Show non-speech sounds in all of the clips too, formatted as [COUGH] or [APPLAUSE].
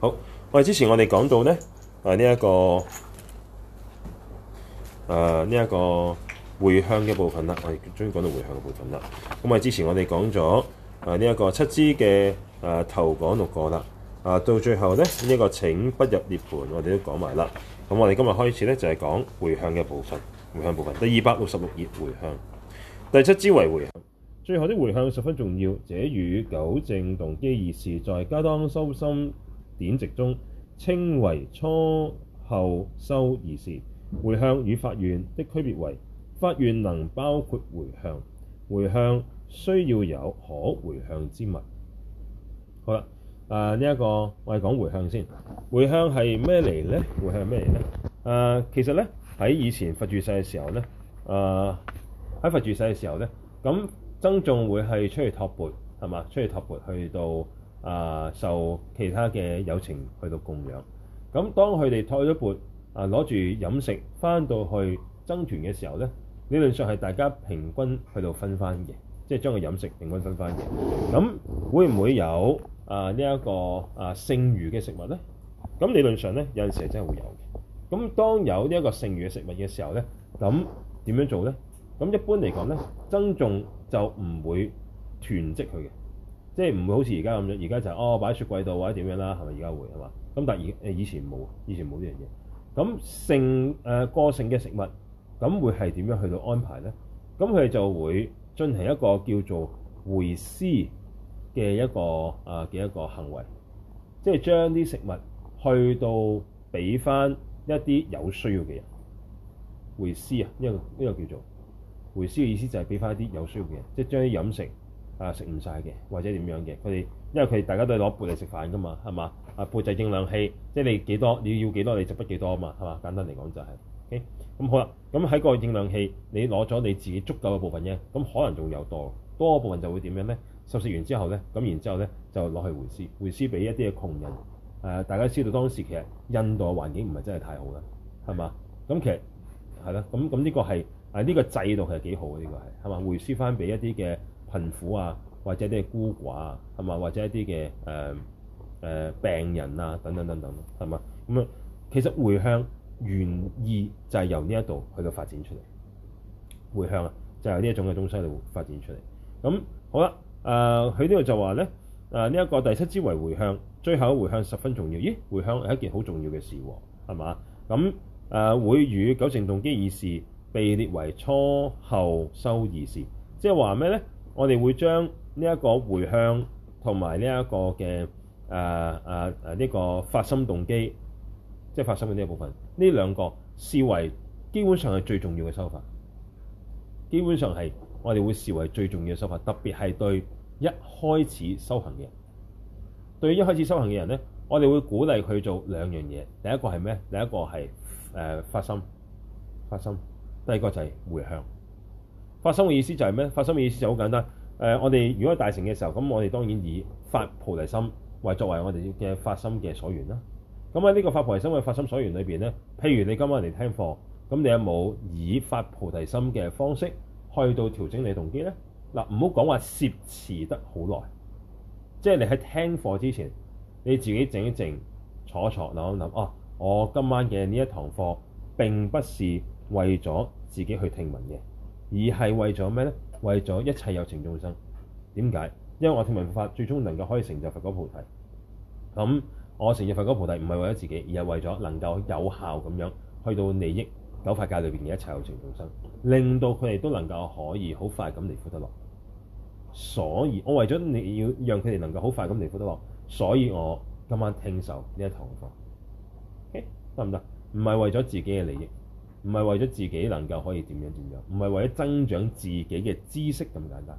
好，我哋之前我哋講到咧，誒呢一個誒呢一個回向嘅部分啦。我哋終於講到回向嘅部分啦。咁啊，之前我哋講咗誒呢一、啊這個七支嘅誒頭講六個啦。啊，到最後咧，呢、這、一個請不入涅槃，我哋都講埋啦。咁我哋今日開始咧，就係、是、講回向嘅部分，回向部分第二百六十六頁回向第七支為回向。最後啲回向十分重要，這與糾正動機二事在噶當修心，典籍中稱為初後修二事，回向與發願的區別為：發願能包括回向，回向需要有可回向之物。好啦，誒呢一個我哋講回向先，回向係咩嚟呢？回向係咩嚟呢？誒、呃、其實呢，喺以前佛住世嘅時候呢，誒、呃、喺佛住世嘅時候呢，咁僧眾會係出去托缽，係嘛？出去托缽去到。啊，受其他嘅有情去到供養，咁當佢哋托咗缽啊，攞住飲食翻到去僧團嘅時候呢，理論上係大家平均去到分翻嘅，即係將個飲食平均分翻嘅。咁會唔會有啊呢一個啊剩餘嘅食物呢？咁理論上呢，有陣時係真係會有嘅。咁當有呢一個剩餘嘅食物嘅時候呢，咁點樣做呢？咁一般嚟講呢，僧眾就唔會囤積佢嘅。即係唔會好似而家咁樣，而家就係、哦擺雪櫃度或者點樣啦，係咪而家會係嘛？咁但係以前冇、呃，以前冇呢樣嘢。咁性誒個性嘅食物，咁會係點樣去到安排咧？咁佢就會進行一個叫做回施嘅一個啊嘅一個行為，即係將啲食物去到俾翻一啲有需要嘅人。回施啊，呢、呢個呢、呢個叫做回施嘅意思就係俾翻一啲有需要嘅人，即係將啲飲食。啊！食唔晒嘅，或者點樣嘅？佢哋因為佢哋大家都係攞缽嚟食飯㗎嘛，係嘛？啊缽就係應量器，即係你幾多你要幾多，你就俾幾多啊嘛，係嘛？簡單嚟講就係、是、咁、okay? 好啦。咁喺個應量器，你攞咗你自己足夠嘅部分啫。咁可能仲有多多部分就會點樣咧？受食完之後咧，咁然之後咧就攞去回施，回施俾一啲嘅窮人。誒、啊，大家知道當時其實印度嘅環境唔係真係太好啦，係嘛？咁其實係咯，咁咁呢個係啊呢、呢個制度係幾好嘅呢、呢個係係嘛？回施翻俾一啲嘅貧苦啊，或者啲孤寡啊，係嘛？或者一啲嘅誒誒病人啊，等等等等，係嘛？咁啊，其實迴向原意就係由呢一度去到發展出嚟。迴向啊，就係呢一種嘅東西嚟，發展出嚟。咁好啦，誒、呃，佢呢度就話咧，誒呢一個第七支為迴向，最後一迴向十分重要。咦，迴向係一件好重要嘅事喎、啊，係嘛？咁誒、呃、會與糾正動機二事被列為初後修二事，即係話咩咧？我哋會將呢一個迴向同埋呢一個嘅誒誒誒呢個發心動機，即係發心嘅呢一部分，呢兩個視為基本上係最重要嘅修法。基本上係我哋會視為最重要嘅修法，特別係對一開始修行嘅人，對一開始修行嘅人咧，我哋會鼓勵佢做兩樣嘢。第一個係咩？第一個係誒、呃、發心，發心。第二個就係迴向。發心嘅意思就係咩？發心嘅意思就好簡單。誒、呃，我哋如果大乘嘅時候，咁我哋當然以發菩提心為作為我哋嘅發心嘅所緣啦。咁喺呢個發菩提心嘅發心所緣裏邊呢，譬如你今晚嚟聽課，咁你有冇以發菩提心嘅方式去到調整你動機呢？嗱、呃，唔好講話攝持得好耐，即、就、係、是、你喺聽課之前，你自己靜一靜，坐一坐，諗一諗。哦、啊，我今晚嘅呢一堂課並不是為咗自己去聽聞嘅。而係為咗咩呢？為咗一切有情眾生。點解？因為我聽聞佛法，最終能夠可以成就佛果菩提。咁我成就佛果菩提，唔係為咗自己，而係為咗能夠有效咁樣去到利益九法界裏邊嘅一切有情眾生，令到佢哋都能夠可以好快咁離苦得樂。所以我為咗你要讓佢哋能夠好快咁離苦得樂，所以我今晚聽受呢一堂課，得唔得？唔係為咗自己嘅利益。唔係為咗自己能夠可以點樣點樣，唔係為咗增長自己嘅知識咁簡單，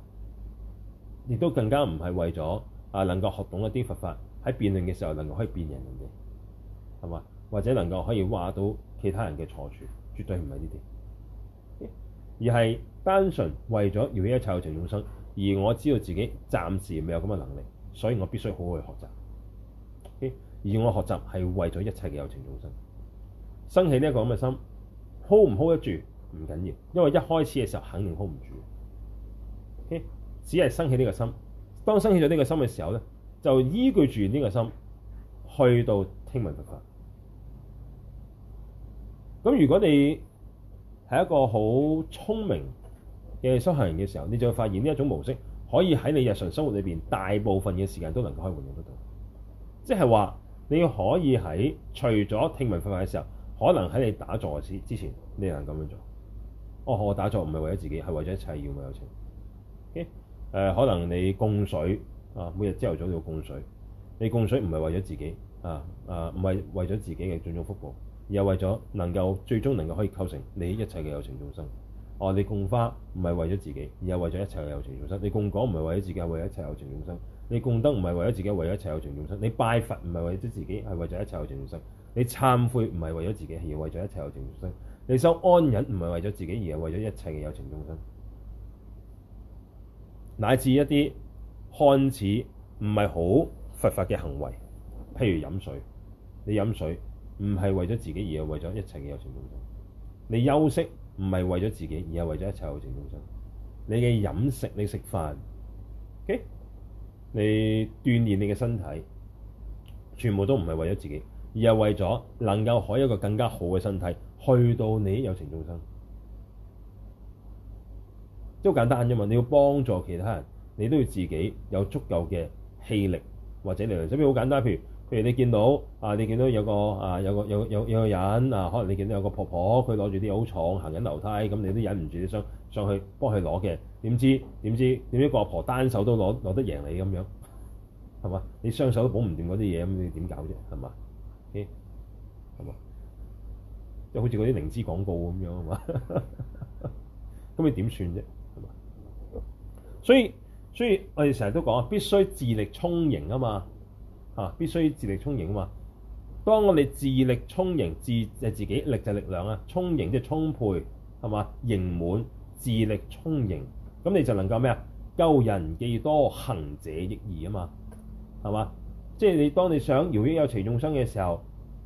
亦都更加唔係為咗啊能夠學懂一啲佛法喺辯論嘅時候能夠可以辯贏人哋，係嘛？或者能夠可以話到其他人嘅錯處，絕對唔係呢啲，而係單純為咗要一切有情眾生，而我知道自己暫時未有咁嘅能力，所以我必須好好去學習。而我學習係為咗一切嘅有情眾生，生起呢一個咁嘅心。hold 唔 hold 得住，唔緊要，因為一開始嘅時候肯定 hold 唔住，OK? 只係升起呢個心。當升起咗呢個心嘅時候咧，就依據住呢個心去到聽聞佛法。咁如果你係一個好聰明嘅修行人嘅時候，你就會發現呢一種模式可以喺你日常生活裏邊大部分嘅時間都能夠可以應用得到。即係話你可以喺除咗聽聞佛法嘅時候。可能喺你打坐之前，你又咁樣做。哦，我打坐唔係為咗自己，係為咗一切要嘅有情。誒、okay? 呃，可能你供水啊，每日朝頭早要供水。你供水唔係為咗自己啊啊，唔、啊、係為咗自己嘅種種福報，而係為咗能夠最終能夠可以構成你一切嘅有情眾生。哦、啊，你供花唔係為咗自己，而係為咗一切嘅有情眾生。你供果唔係為咗自己，係為咗一切有情眾生。你供燈唔係為咗自己，係為咗一切有情眾生。你拜佛唔係為咗自己，係為咗一切有情眾生。你懺悔唔係為咗自己，而係為咗一切有情眾生。你修安忍唔係為咗自己，而係為咗一切嘅有情眾生。乃至一啲看似唔係好佛法嘅行為，譬如飲水，你飲水唔係為咗自己，而係為咗一切嘅有情眾生。你休息唔係為咗自己，而係為咗一切有情眾生。你嘅飲食，你食飯，Okay? 你鍛煉你嘅身體，全部都唔係為咗自己。而係為咗能夠有一個更加好嘅身體，去到你有情眾生，都好簡單啫嘛。你要幫助其他人，你都要自己有足夠嘅氣力或者力量。simply 好簡單，譬如譬如你見到啊，你見到有個啊，有個有有有個人啊，可能你見到有個婆婆，佢攞住啲好重行緊樓梯，咁你都忍唔住想上去幫佢攞嘅。點知點知點知個婆婆單手都攞攞得贏你咁樣係嘛？你雙手都保唔掂嗰啲嘢，咁你點搞啫？係嘛？嘅，係嘛？即係好似嗰啲靈芝廣告咁樣啊嘛，咁 [LAUGHS] 你點算啫？係嘛？所以所以我們常，我哋成日都講啊，必須自力充盈啊嘛，嚇必須自力充盈啊嘛。當我哋自力充盈，自就是、自己力就力量啊，充盈即係充沛係嘛，盈滿自力充盈，咁你就能夠咩啊？救人既多，行者益易啊嘛，係嘛？即係你當你想饒益有情眾生嘅時候，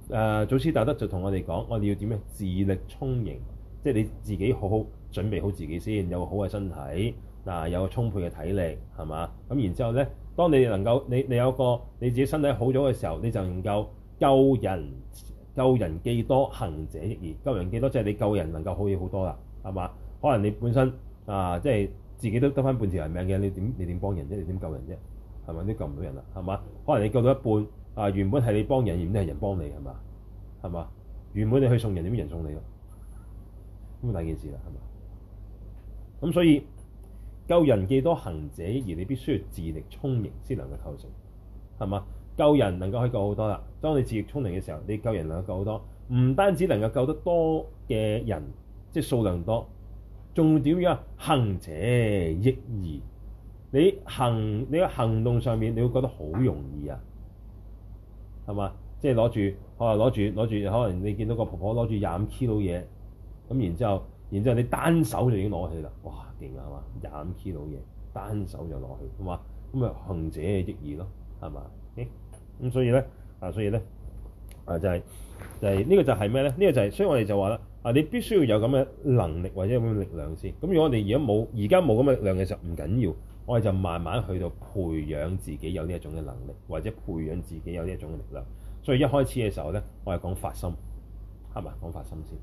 誒、呃、祖師大德就同我哋講，我哋要點樣自力充盈？即係你自己好好準備好自己先，有個好嘅身體，嗱、啊、有個充沛嘅體力，係嘛？咁然之後咧，當你能夠你你有一個你自己身體好咗嘅時候，你就能夠救人救人幾多行者益而救人幾多，即係你救人能夠好嘢好多啦，係嘛？可能你本身啊，即係自己都得返半條人命嘅，你點你點幫人啫？你點救人啫？係咪？你救唔到人啦，係嘛？可能你救到一半，啊，原本係你幫人，而唔係人幫你，係嘛？係嘛？原本你去送人，點知人送你咯？咁大件事啦，係嘛？咁所以救人幾多行者，而你必須要自力充盈先能夠構成，係嘛？救人能夠去救好多啦。當你自力充盈嘅時候，你救人能夠救好多，唔單止能夠救得多嘅人，即係數量多，仲要點樣？行者益而。你行，你喺行動上面，你會覺得好容易啊，係嘛？即係攞住，可能攞住攞住，可能你見到個婆婆攞住廿五 kilo 嘢咁，然之後然之後你單手就已經攞起啦，哇！勁啊，係嘛？廿五 kilo 嘢單手就攞起，係嘛？咁啊，行者嘅亦爾咯，係嘛？咁，okay，所以咧啊，所以咧啊，就係就係呢個就係咩咧？呢個就係，所以我哋就話啦，啊，你必須要有咁嘅能力或者咁嘅力量先。咁如果我哋而家冇而家冇咁嘅力量嘅時候，唔緊要。我哋就慢慢去到培養自己有呢一種嘅能力，或者培養自己有呢一種嘅力量。所以一開始嘅時候呢，我哋講發心，係嘛？講發心先。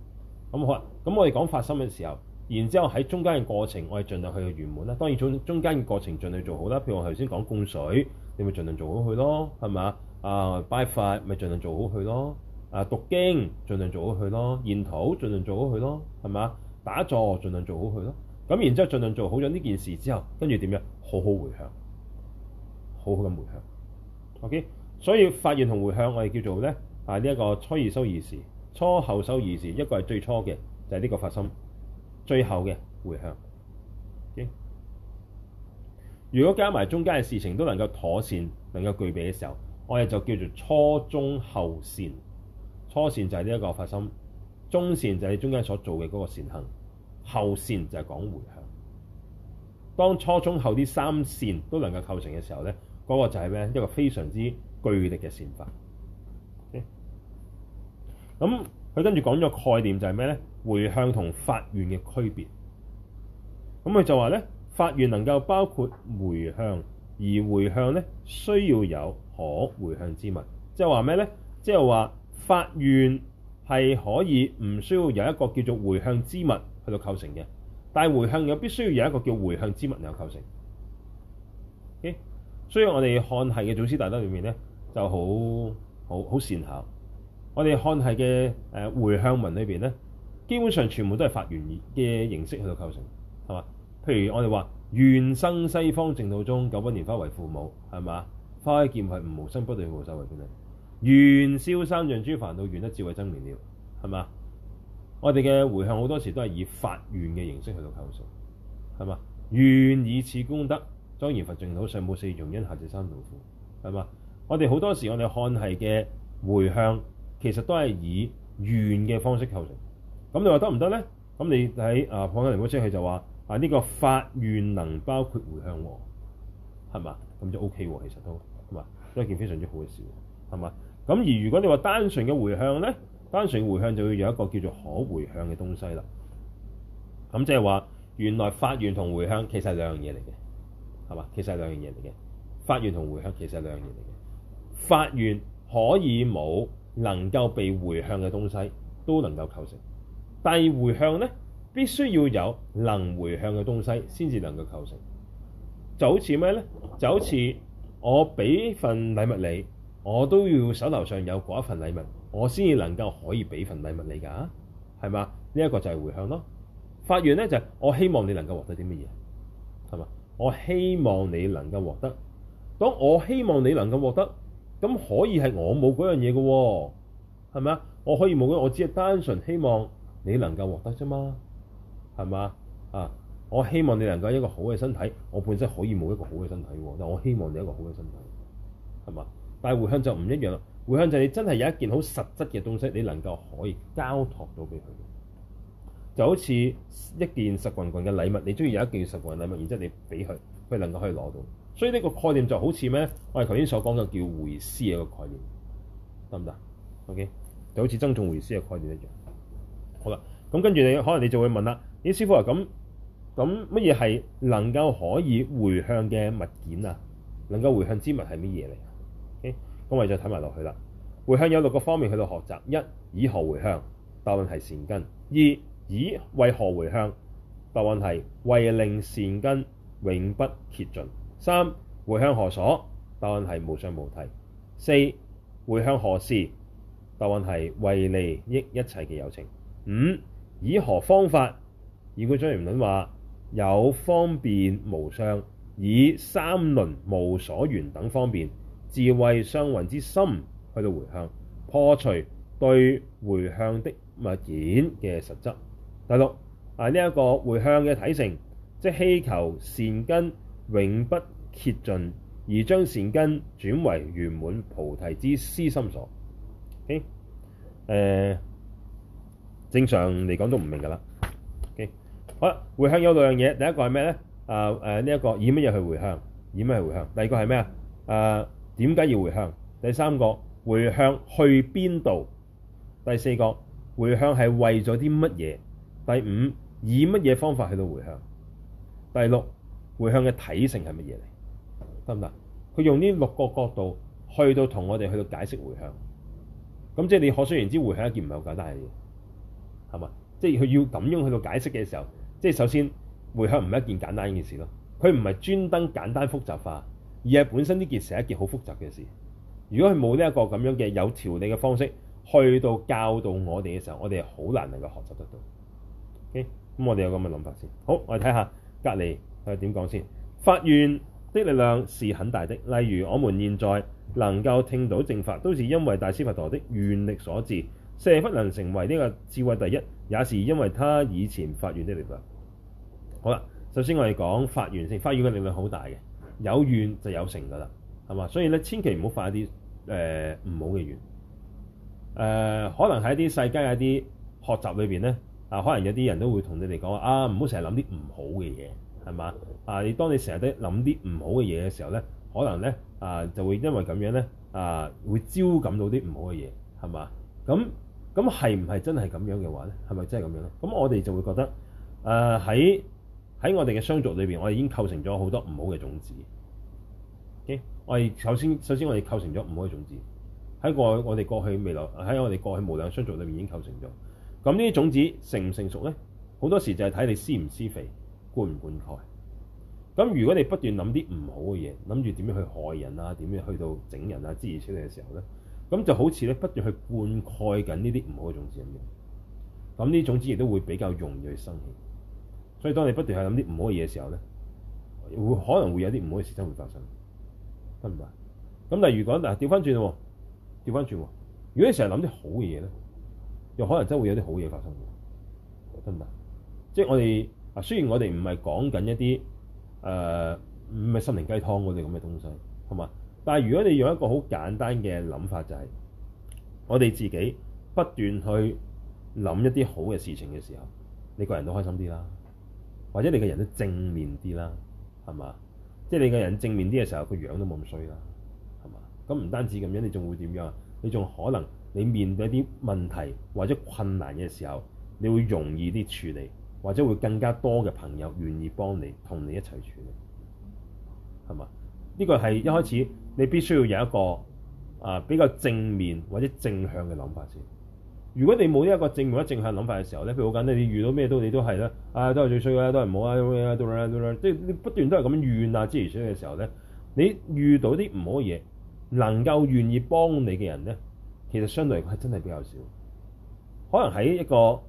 咁好啦。咁我哋講發心嘅時候，然之後喺中間嘅過程，我哋盡量去到圓滿啦。當然中中間嘅過程盡量做好啦。譬如我頭先講供水，你咪盡量做好去咯，係咪？啊、uh,，拜佛咪盡量做好去咯。啊、uh,，讀經盡量做好去咯。研討盡量做好去咯，係咪？打坐盡量做好去咯。咁然之後盡量做好咗呢件事之後，跟住點樣好好迴向，好好咁迴向。O、okay? K，所以發願同迴向我哋叫做咧啊呢一個初二修二事，初後修二事，一個係最初嘅就係、是、呢個發心，最後嘅迴向。O、okay? K，如果加埋中間嘅事情都能夠妥善，能夠具備嘅時候，我哋就叫做初中後善。初善就係呢一個發心，中善就係中間所做嘅嗰個善行。後線就係講回向。當初中後啲三線都能夠構成嘅時候呢，嗰、那個就係咩一個非常之巨力嘅線法。咁佢跟住講咗個概念就係咩呢？回向同發願嘅區別。咁佢就話呢，發願能夠包括回向，而回向呢需要有可回向之物，即係話咩呢？即係話發願係可以唔需要有一個叫做回向之物，去到構成嘅，但係回向又必須要有一個叫回向之物嚟到構成。OK? 所以我哋漢系嘅祖師大德裏面咧就好好好善巧。我哋漢系嘅誒回向文裏邊咧，基本上全部都係發願嘅形式去到構成，係嘛？譬如我哋話願生西方淨土中，九品蓮花為父母，係嘛？花開見佛係無生不對無生為真。願消三障諸煩惱，願得智慧真明了，係嘛？我哋嘅回向好多時都係以發願嘅形式去到構成，係嘛？願以此功德，莊嚴佛淨土，上報四重恩，下濟三途苦，係嘛？我哋好多時我哋看係嘅回向，其實都係以願嘅方式構成。咁你話得唔得咧？咁你喺啊《普賢菩薩經》佢就話啊呢、這個發願能包括回向，係嘛？咁就 O K 喎，其實都係嘛，都一件非常之好嘅事，係嘛？咁而如果你話單純嘅回向咧？單純迴向就會有一個叫做可迴向嘅東西啦。咁即係話，原來發願同迴向其實係兩樣嘢嚟嘅，係嘛？其實係兩樣嘢嚟嘅。發願同迴向其實係兩樣嘢嚟嘅。發願可以冇能夠被迴向嘅東西，都能夠構成。但係迴向呢，必須要有能迴向嘅東西先至能夠構成。就好似咩呢？就好似我俾份禮物你，我都要手頭上有嗰一份禮物。我先至能夠可以俾份禮物你㗎，係嘛？呢一個就係迴向咯。發願咧就係我希望你能夠獲得啲乜嘢，係嘛？我希望你能夠獲得。當我希望你能夠獲得，咁可以係我冇嗰樣嘢嘅，係咪啊？我可以冇嘅，我只係單純希望你能夠獲得啫嘛，係嘛？啊，我希望你能夠一個好嘅身體，我本身可以冇一個好嘅身體喎，但我希望你一個好嘅身體，係嘛？但係迴向就唔一樣啦。迴向就係你真係有一件好實質嘅東西，你能夠可以交託到俾佢，就好似一件實棍棍嘅禮物，你中意有一件實棍嘅禮物，然之後你俾佢，佢能夠可以攞到，所以呢個概念就好似咩？我哋頭先所講嘅叫迴施嘅個概念，得唔得？OK，就好似增重迴施嘅概念一樣。好啦，咁跟住你可能你就會問啦：咦，師傅啊，咁咁乜嘢係能夠可以迴向嘅物件啊？能夠迴向之物係咩嘢嚟？我哋再睇埋落去啦。回向有六個方面去到學習：一，以何回向？答案係善根。二，以為何回向？答案係為令善根永不竭盡。三，回向何所？答案係無上菩提。四，回向何事？答案係為利益一切嘅有情。五，以何方法？現觀莊嚴論話有方便無相，以三輪無所緣等方便。智慧雙運之心去到回向，破除對回向的物件嘅實執。第六啊，呢、這、一個回向嘅體性，即希求善根永不竭盡，而將善根轉為圓滿菩提之思心所。O、okay? 呃、正常嚟講都唔明㗎啦。O K，回向有兩樣嘢，第一個係咩咧？啊誒，呢、啊、一、這個以乜嘢去回向？以乜嘢回向？第二個係咩啊？啊？點解要回向？第三個回向去邊度？第四個回向係為咗啲乜嘢？第五以乜嘢方法去到回向？第六回向嘅體性係乜嘢嚟？得唔得？佢用呢六個角度去到同我哋去到解釋回向。咁即係你可想而知，回向一件唔係好簡單嘅嘢，係嘛？即係佢要咁樣去到解釋嘅時候，即係首先回向唔係一件簡單嘅事咯。佢唔係專登簡單複雜化。而係本身呢件事係一件好複雜嘅事。如果佢冇呢一個咁樣嘅有條理嘅方式去到教導我哋嘅時候，我哋好難能夠學習得到。咁、okay? 我哋有咁嘅諗法先。好，我哋睇下隔離佢點講先。發願的力量是很大的。例如，我們現在能夠聽到正法，都是因為大師佛陀的願力所致。舍利弗能成為呢個智慧第一，也是因為他以前發願的力量。好啦，首先我哋講發願先，發願嘅力量好大嘅。有願就有成噶啦，係嘛？所以咧，千祈唔好發一啲誒唔好嘅願。誒、呃，可能喺啲世界、喺啲學習裏邊咧，啊、呃，可能有啲人都會同你哋講啊，唔好成日諗啲唔好嘅嘢，係嘛？啊，你當你成日都諗啲唔好嘅嘢嘅時候咧，可能咧啊、呃，就會因為咁樣咧啊、呃，會招感到啲唔好嘅嘢，係嘛？咁咁係唔係真係咁樣嘅話咧？係咪真係咁樣咧？咁我哋就會覺得誒喺。呃在喺我哋嘅相續裏邊，我哋已經構成咗好多唔好嘅種子。Okay? 我哋首先首先我哋構成咗唔好嘅種子，喺我我哋過去未來喺我哋過去無量相續裏面已經構成咗。咁呢啲種子成唔成熟咧？好多時就係睇你施唔施肥、灌唔灌溉。咁如果你不斷諗啲唔好嘅嘢，諗住點樣去害人啊，點樣去到整人啊？諸如此類嘅時候咧，咁就好似咧不斷去灌溉緊呢啲唔好嘅種子一樣。咁呢種子亦都會比較容易去生起。所以，當你不斷去諗啲唔好嘅嘢嘅時候咧，會可能會有啲唔好嘅事真會發生，得唔得？咁。但係如果嗱調翻轉喎，調翻轉喎，如果你成日諗啲好嘅嘢咧，又可能真會有啲好嘢發生，得唔得？即係我哋嗱，雖然我哋唔係講緊一啲誒唔係心靈雞湯嗰啲咁嘅東西，係咪？但係如果你用一個好簡單嘅諗法，就係，就係我哋自己不斷去諗一啲好嘅事情嘅時候，你個人都開心啲啦。或者你個人都正面啲啦，係嘛？即係你個人正面啲嘅時候，個樣都冇咁衰啦，係嘛？咁唔單止咁樣，你仲會點樣？你仲可能你面對啲問題或者困難嘅時候，你會容易啲處理，或者會更加多嘅朋友願意幫你同你一齊處理，係嘛？呢個係一開始你必須要有一個啊比較正面或者正向嘅諗法先。如果你冇呢一個正面、正向諗法嘅時候咧，譬如、啊、好簡單、啊，你遇到咩都你都係啦，啊都係最衰嘅啦，都係唔好啊，咁樣啦，嘟啦嘟即係你不斷都係咁樣怨啊之類衰嘅時候咧，你遇到啲唔好嘅嘢，能夠願意幫你嘅人咧，其實相對嚟講係真係比較少。可能喺一個誒、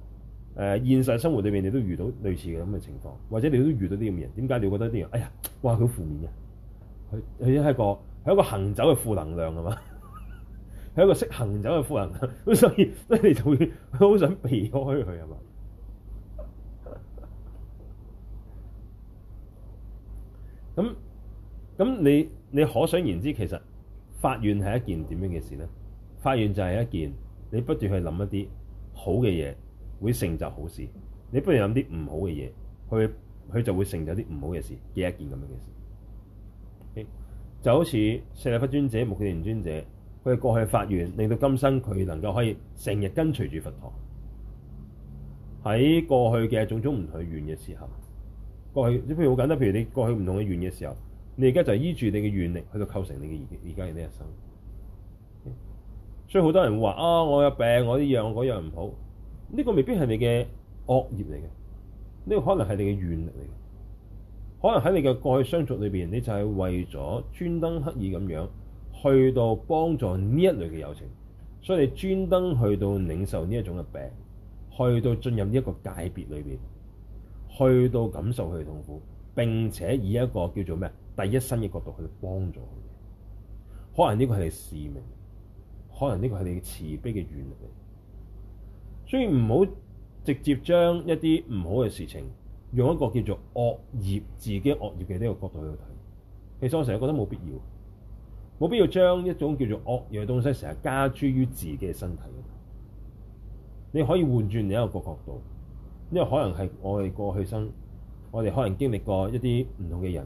呃、現實生活裏面，你都遇到類似嘅咁嘅情況，或者你都遇到啲咁嘅人，點解你會覺得啲人，哎呀，哇，佢負面嘅，佢佢係一個係一個行走嘅負能量啊嘛～係一個識行走嘅夫人，咁所以咧你就會好想避開佢，係嘛？咁咁你你可想而知，其實發願係一件點樣嘅事咧？發願就係一件你不斷去諗一啲好嘅嘢，會成就好事；你不斷諗啲唔好嘅嘢，佢佢就會成就啲唔好嘅事，嘅一件咁樣嘅事。就好似舍利弗尊者、目犍連尊者。佢過去發願，令到今生佢能夠可以成日跟隨住佛堂。喺過去嘅種種唔同嘅願嘅時候，過去即係譬如好簡單，譬如你過去唔同嘅願嘅時候，你而家就係依住你嘅願力去到構成你嘅而而家嘅呢一生。Okay? 所以好多人話啊，我有病，我呢樣嗰樣唔好，呢個未必係你嘅惡業嚟嘅，呢個可能係你嘅願力嚟嘅，可能喺你嘅過去的相續裏邊，你就係為咗專登刻意咁樣。去到幫助呢一類嘅友情，所以你專登去到領受呢一種嘅病，去到進入呢一個界別裏面，去到感受佢嘅痛苦，並且以一個叫做咩第一身嘅角度去幫助佢哋。可能呢個係你使命，可能呢個係你嘅慈悲嘅願力。所以唔好直接將一啲唔好嘅事情用一個叫做惡業、自己惡業嘅呢個角度去睇，其實我成日覺得冇必要。冇必要將一種叫做惡業嘅東西成日加諸於自己嘅身體。你可以換轉另一個角度，因為可能係我哋過去生，我哋可能經歷過一啲唔同嘅人，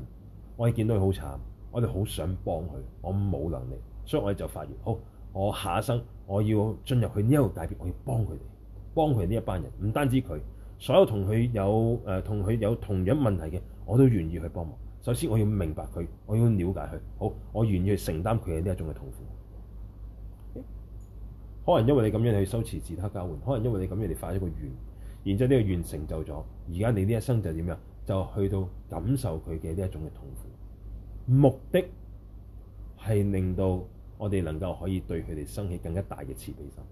我哋見到佢好慘，我哋好想幫佢，我冇能力，所以我哋就發願好，我下一生我要進入去呢個界別，我要幫佢哋，幫佢呢一班人，唔單止佢，所有同佢有誒同佢有同樣問題嘅，我都願意去幫忙。首先我要明白佢，我要了解佢，好，我願意去承擔佢嘅呢一種嘅痛苦，okay? 可，可能因為你咁樣去修持自他交換，可能因為你咁樣嚟發一個願，然之後呢個願成就咗，而家你呢一生就點樣？就去到感受佢嘅呢一種嘅痛苦。目的係令到我哋能夠可以對佢哋生起更加大嘅慈悲心。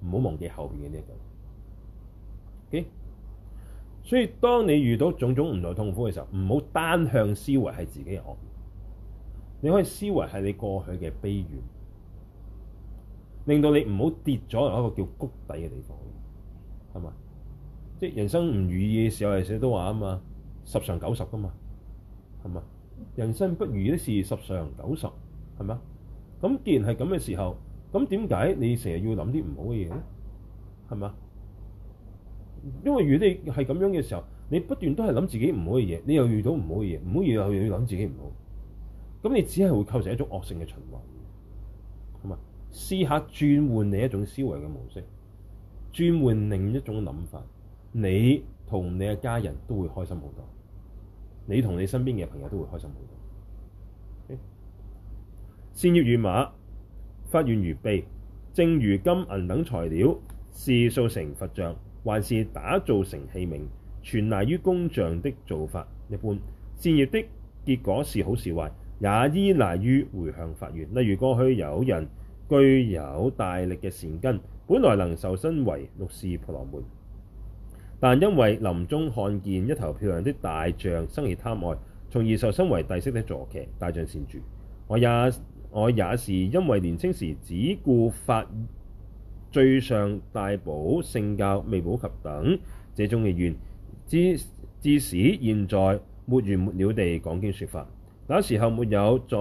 唔好忘記後邊嘅呢一句。Okay? 所以當你遇到種種唔同的痛苦嘅時候，唔好單向思維係自己嘅惡，你可以思維係你過去嘅悲怨，令到你唔好跌咗落一個叫谷底嘅地方，係嘛？即係人生唔如意嘅時候，我哋成日都話啊嘛，十常九十噶嘛，係嘛？人生不如意的事十常九十，係嘛？咁既然係咁嘅時候，咁點解你成日要諗啲唔好嘅嘢咧？係嘛？因為如果你係咁樣嘅時候，你不斷都係諗自己唔好嘅嘢，你又遇到唔好嘅嘢，唔好嘢又去諗自己唔好，咁你只係會構成一種惡性嘅循環。好嘛，試下轉換你一種思維嘅模式，轉換另一種諗法，你同你嘅家人都會開心好多，你同你身邊嘅朋友都會開心好多。善業如馬，發願如轡，正如金銀等材料，是造成佛像，還是打造成器皿，全賴於工匠的做法一般。善業的結果是好是壞，也依賴於迴向發願。例如過去有人具有大力嘅善根，本來能受生為六事婆羅門，但因為臨終看見一頭漂亮的大象，生起貪愛，從而受生為帝釋的坐騎大象善住。我也我也是因為年青時只顧發最上大寶聖教未普及等這種嘅願，至至使現在沒完沒了地講經説法。那時候沒有在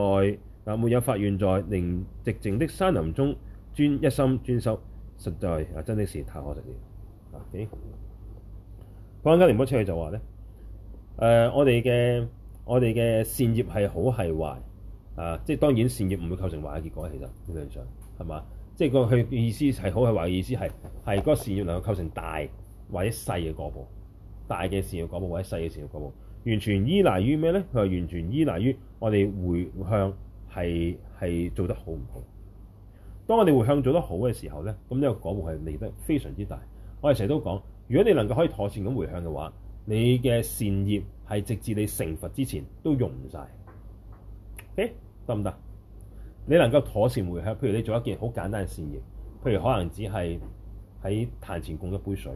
啊，沒有發願在寧寂靜，靜的山林中專一心專修，實在啊真的是太可惜了啊！幾講緊，你唔好出去就話咧，呃。我哋嘅我哋嘅善業係好係壞啊！即係當然善業唔會構成壞嘅結果，其實理論上係嘛？即係個佢意思係好，係話意思係係嗰善業能夠構成大或者細嘅果報，大嘅善業果報或者細嘅善業果報，完全依賴於咩咧？佢話完全依賴於我哋回向係係做得好唔好。當我哋回向做得好嘅時候咧，咁呢個果報係嚟得非常之大。我哋成日都講，如果你能夠可以妥善咁回向嘅話，你嘅善業係直至你成佛之前都用唔晒。誒得唔得？你能夠妥善迴向，譬如你做一件好簡單嘅善業，譬如可能只係喺壇前供一杯水，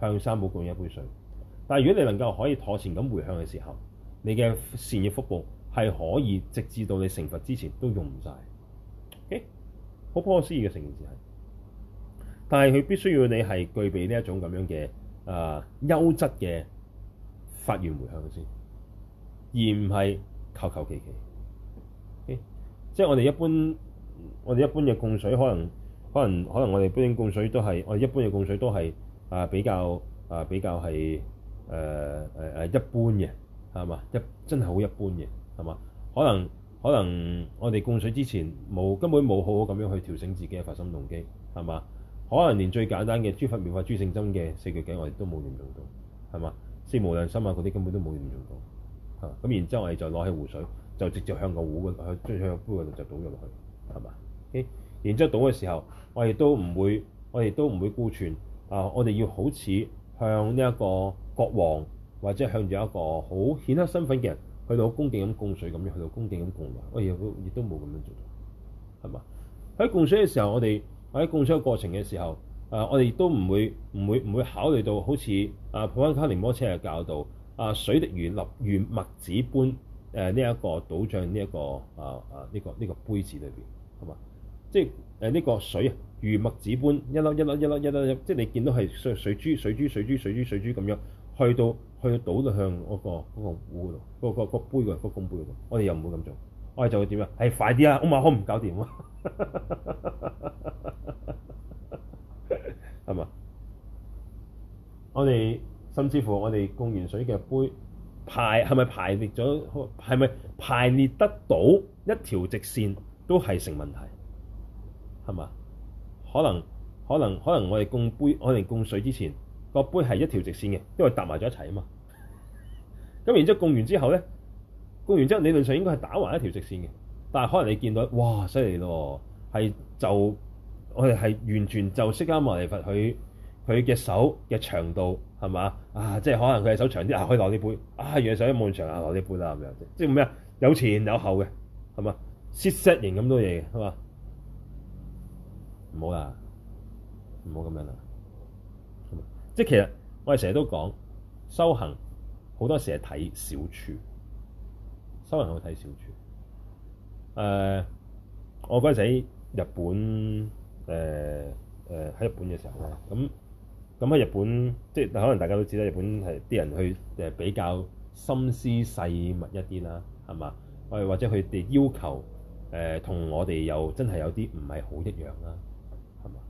向三寶供一杯水。但係如果你能夠可以妥善咁迴向嘅時候，你嘅善業福報係可以直至到你成佛之前都用唔晒。好不可思議嘅成件事係，但係佢必須要你係具備呢一種咁樣嘅啊、呃、優質嘅發願迴向先，而唔係求求其其。即係我哋一般，我哋一般嘅供水可能，可能可能我哋一般供水都係，我哋一般嘅供水都係啊、呃、比較啊比較係誒誒誒一般嘅係嘛，一真係好一般嘅係嘛，可能可能我哋供水之前冇根本冇好好咁樣去調整自己嘅發心動機係嘛，可能連最簡單嘅諸佛妙法諸聖真嘅四句偈我哋都冇運用到係嘛，四無量心啊嗰啲根本都冇運用到嚇，咁然之後我哋就攞起湖水。就直接向個壺咁，向向杯度就倒咗落去，係嘛？Okay? 然之後倒嘅時候，我哋都唔會，我哋都唔會顧全啊、呃！我哋要好似向呢一個國王，或者向住一個好顯赫身份嘅人，去到恭敬咁供水，咁樣去到恭敬咁供來。我亦都亦都冇咁樣做到，係嘛？喺供水嘅時候，我哋喺供水嘅過程嘅時候，誒、呃，我哋亦都唔會唔會唔會考慮到好似啊普安卡尼摩車嘅教導啊，水滴如立如墨子般。誒，呢一個倒進呢一個啊、啊呢個呢個杯子裏邊，係嘛？即係誒，呢個水啊，如墨子般一粒一粒一粒一粒，即係你見到係水水珠水珠水珠水珠水珠咁樣，去到去到倒就向嗰個嗰個壺嗰度，嗰個杯㗎個公杯嗰度，我哋又唔會咁做，我哋就會點啊？係快啲啊！我咪可唔搞掂啊？係嘛？我哋甚至乎我哋供完水嘅杯。排係咪排列咗？係咪排列得到一條直線都係成問題，係嘛？可能可能可能我哋供杯，可能供水之前個杯係一條直線嘅，因為搭埋咗一齊啊嘛。咁然之後供完之後咧，供完之後理論上應該係打橫一條直線嘅，但係可能你見到哇犀利咯，係就我哋係完全就釋迦牟尼佛佢。佢嘅手嘅長度係嘛啊，即係可能佢嘅手長啲啊，可以攞啲杯啊，如果手冇咁長啊，攞啲杯啦咁樣啫。即係咩啊？有前有後嘅係嘛？set 型咁多嘢嘅係嘛？唔好啦，唔好咁樣啦。咁即係其實我哋成日都講修行，好多時係睇小處。修行好睇小處。誒、呃，我嗰陣時喺日本誒誒喺日本嘅時候啊，咁、嗯。咁喺日本，即係可能大家都知啦。日本係啲人去誒比較心思細密一啲啦，係嘛？或或者佢哋要求誒同、呃、我哋又真係有啲唔係好一樣啦，係嘛？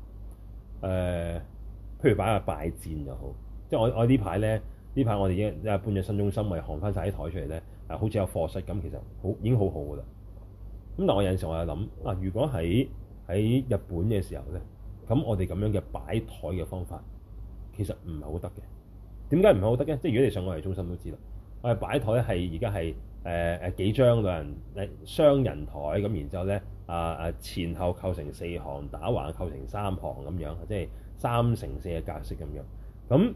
誒、呃，譬如擺下擺展就好，即係我我這呢排咧，呢排我哋已經即係搬咗新中心，我哋行翻晒啲台出嚟咧，啊，好似有課室咁，其實好已經很好好噶啦。咁但係我有陣時候我就諗啊，如果喺喺日本嘅時候咧，咁我哋咁樣嘅擺台嘅方法。其實唔係好得嘅，點解唔係好得嘅？即係如果你上我哋中心都知啦，我哋擺台係而家係誒誒幾張兩人誒雙人台咁，然之後咧啊啊前後構成四行打橫構成三行咁樣，即係三乘四嘅格式咁樣。咁誒、